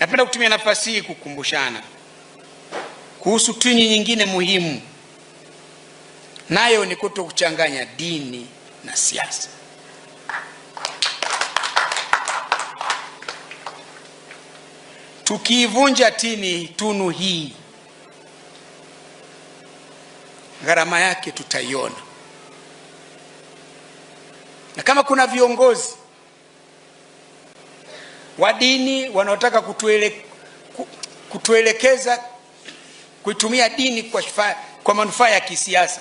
Napenda kutumia nafasi hii kukumbushana kuhusu tini nyingine muhimu, nayo ni kuto kuchanganya dini na siasa. Tukiivunja tini tunu hii, gharama yake tutaiona, na kama kuna viongozi wa dini wanaotaka kutuele, kutuelekeza kuitumia dini kwa, kwa manufaa ya kisiasa,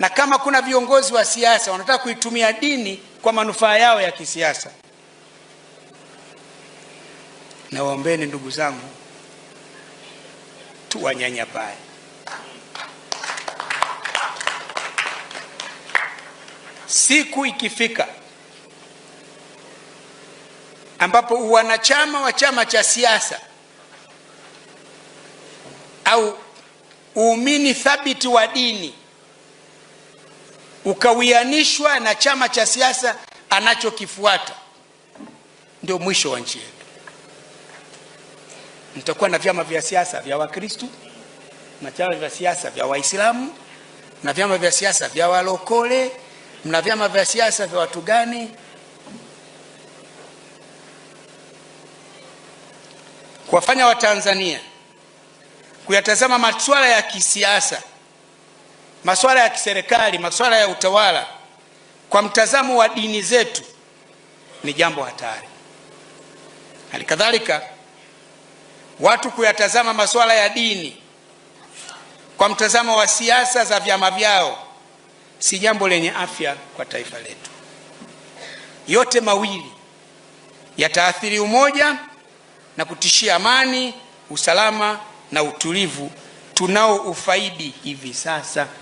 na kama kuna viongozi wa siasa wanataka kuitumia dini kwa manufaa yao ya kisiasa, nawaombeni ndugu zangu, tuwanyanyapae. Siku ikifika ambapo uwanachama wa chama cha siasa au uumini thabiti wa dini ukawianishwa na chama cha siasa anachokifuata, ndio mwisho wa nchi yetu. Mtakuwa na vyama vya siasa vya Wakristu na vyama vya siasa vya Waislamu na vyama vya siasa vya walokole na vyama vya siasa vya watu gani? kuwafanya Watanzania kuyatazama masuala ya kisiasa, masuala ya kiserikali, masuala ya utawala kwa mtazamo wa dini zetu ni jambo hatari. Halikadhalika, watu kuyatazama masuala ya dini kwa mtazamo wa siasa za vyama vyao si jambo lenye afya kwa taifa letu. Yote mawili yataathiri umoja na kutishia amani, usalama na utulivu tunaoufaidi hivi sasa.